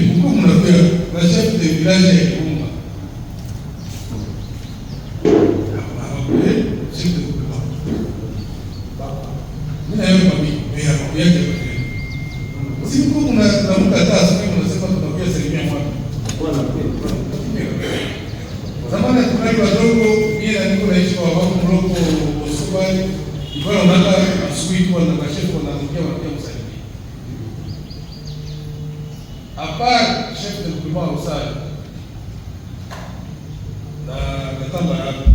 Bukavu mnakuya bashefu de village ya Kirumba minayo mami meyamakuyake Bukavu na mkatasa Hapana, shekhe mkumaa usali na natamba hapo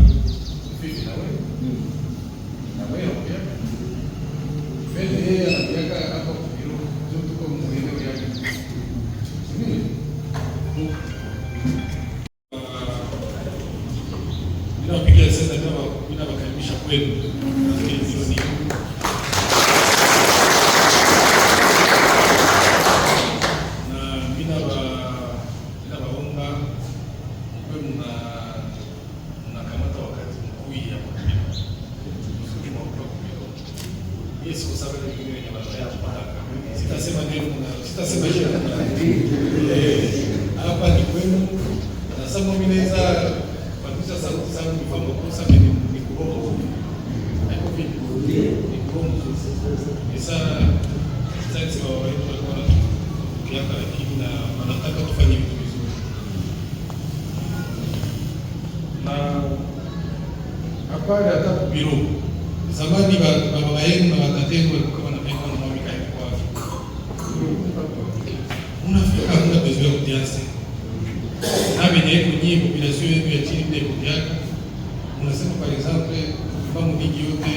Yesu kwa sababu mimi ni watu yangu baraka. Sitasema neno na sitasema shida. Eh, hapa ni kwenu. Na sasa mimi naweza kupatisha sauti zangu kwa makosa mimi ni kuomba. Haiko vipi? Ni kuomba. Sasa sasa kwa wale walikuwa kiaka lakini na wanataka kufanya vitu vizuri. Na habari hata kubiruka zamani baba yenu na watatengo walikuwa wanapenda na mamika yako wapi? Unafika kuna ya kudiasi. Nami ni yako nyimbo bila sio yenu ya chini ndio kudiaka. Unasema kwa example mfano mingi yote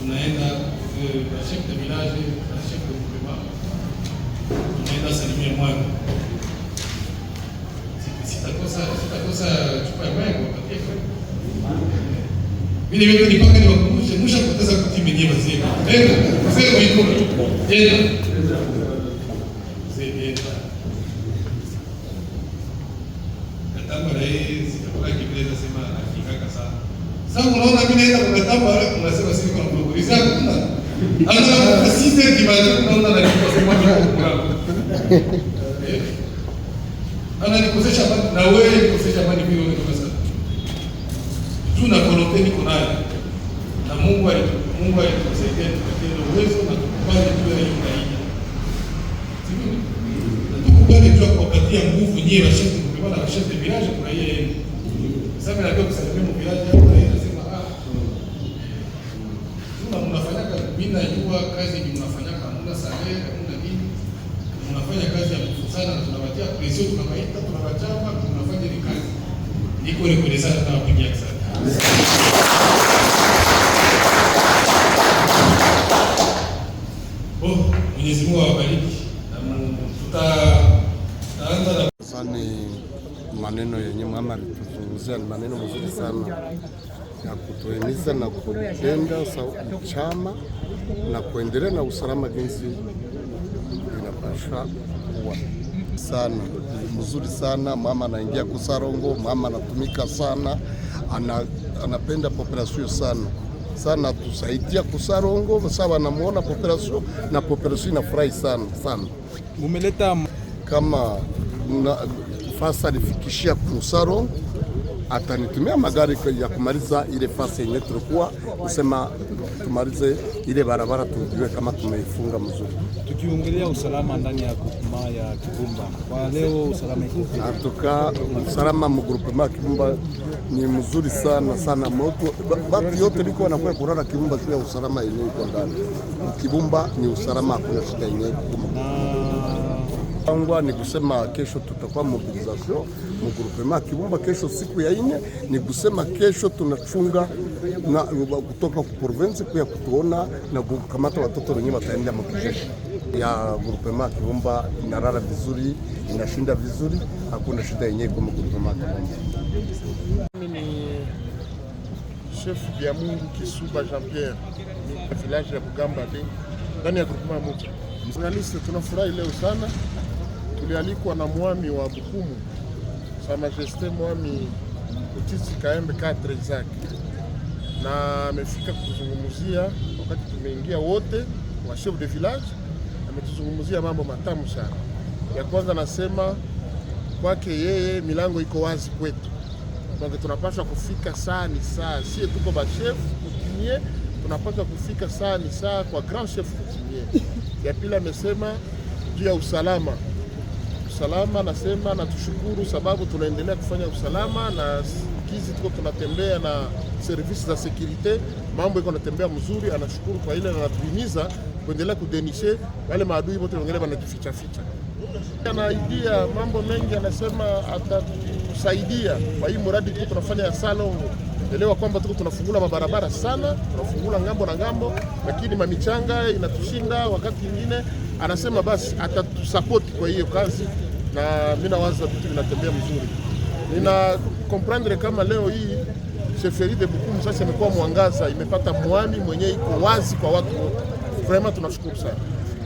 tunaenda na eh, chef de village na chef de groupement. Tunaenda salimia mwana. Sitakosa sitakosa chupa ya maji kwa kafiki. Mimi wewe ni paka ni wakumbushe, msha kupoteza kati mwenyewe wazee. Nenda, mzee wiko. Nenda. Mzee nenda. Katamba rais, kwa kile nasema hakika sana. Sasa unaona mimi naenda kwa katamba unasema sisi kwa kuuliza kuna. Hata sisi ndio tunaona na kitu kwa sababu eh? ana nikosesha na wewe nikosesha mali bila yote niko nayo na Mungu Mungu alitusaidia tukatenda uwezo na tukubali jua hiyo kaida, tukubali jua kuwapatia nguvu nyie Rashidi kupimana Rashidi viraje kuna yeye yenu sasa, kwa kusalimia mviraje hapo na yeye nasema ah, tuna mnafanyaka mimi najua kazi ni mnafanyaka mna sare mna nini mnafanya kazi ya kufusana na tunawatia presio tunawaita tunawachapa tunafanya ni kazi niko ni kueleza na wapigia sana Oh, Mwenyezi maneno yenye mama alituzunguzia ni maneno mazuri sana ya kutuhimiza na kupenda chama na kuendelea na usalama jinsi inapasha kuwa sana mzuri sana. Mama anaingia kusarongo, mama anatumika sana ana, anapenda population sana sana, tusaidia kusarongo sawa, wanamwona population na population inafurahi sana sana. Umeleta kama fasa alifikishia kusarongo atanitumia magari ya kumaliza ile fasi yenye tulikuwa kusema tumalize ile barabara, tujue kama tumeifunga mzuri. Tukiongelea usalama ndani ya grupema ya Kibumba kwa leo, usalama atuka usalama mu grupema ya Kibumba ni mzuri sana sana, moto watu yote liko wanakuwa kurara Kibumba juu usalama yenye iko ndani Kibumba. Ni usalama, hakuna shida yenyewe Kibumba. Kwanza ni kusema kesho tutakuwa mobilization mu grupema Kibumba kesho, siku ya ine, ni kusema kesho tunafunga na kutoka ku province kuya kutuona na kukamata watoto wenye wataenda makijeshi ya grupema Kibumba. Inarara vizuri, inashinda vizuri, hakuna shida yenyewe kwa Mimi ni Chef vya Mungu Kisuba Jean Pierre ni village ya Bugamba de ndani ya grupema moja. Tunafurahi leo sana, tulialikwa na mwami wa Bukumu Sa Majeste Mwami Utiti Kaembe kadre zake, na amefika kutuzungumzia wakati tumeingia wote wa chef de village, ametuzungumzia mambo matamu sana. Ya kwanza nasema kwake yeye, milango iko wazi kwetu, donc tunapaswa kufika saa ni saa, sie tuko ba chef kutumie, tunapaswa kufika saa ni saa kwa grand chef kutumie. Ya pili amesema juu ya usalama usalama, nasema na tushukuru sababu tunaendelea kufanya usalama na kizi, tuko tunatembea na servisi za sekurite, mambo iko natembea mzuri, anashukuru kwa ile, anatuhimiza kuendelea kudenishe wale maadui wote wengine wanatufichaficha. Anaidia mambo mengi, anasema atatusaidia kwa hii mradi tuko tunafanya ya Salongo. Elewa kwamba tuko tunafungula mabarabara sana, tunafungula ngambo na ngambo, lakini mamichanga inatushinda wakati mwingine anasema basi atatusapoti kwa hiyo kazi, na mimi nawaza vitu vinatembea mzuri. Nina comprendre kama leo hii sheferi de Bukumu sasa imekuwa mwangaza, imepata mwani mwenyewe, iko wazi kwa watu wote. Vraiment tunashukuru sana.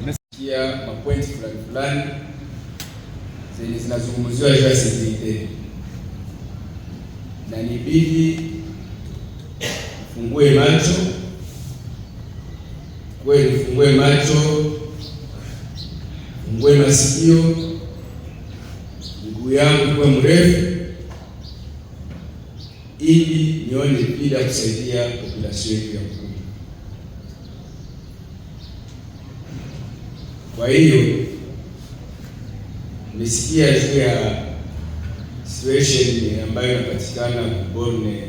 Nimesikia mapointi fulani fulani zenye zinazungumziwa juu ya sekurite, na nibidi fungue macho kweli, fungue macho ungue masikio, mguu yangu kuwa mrefu ili nione bila kusaidia operesheni yetu ya mguu. Kwa hiyo nimesikia juu ya situation ambayo inapatikana kubone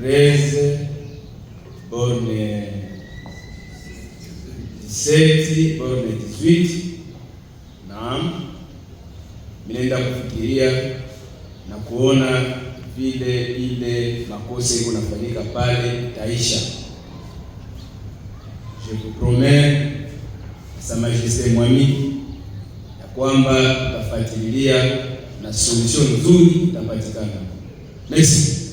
Treze, Borne Seti, Borne Twiti bila kufikiria na kuona vile ile makosa iko nafanyika pale taisha. Je vous promets sa majeste mwami ya kwamba tutafuatilia na solution nzuri itapatikana. Merci.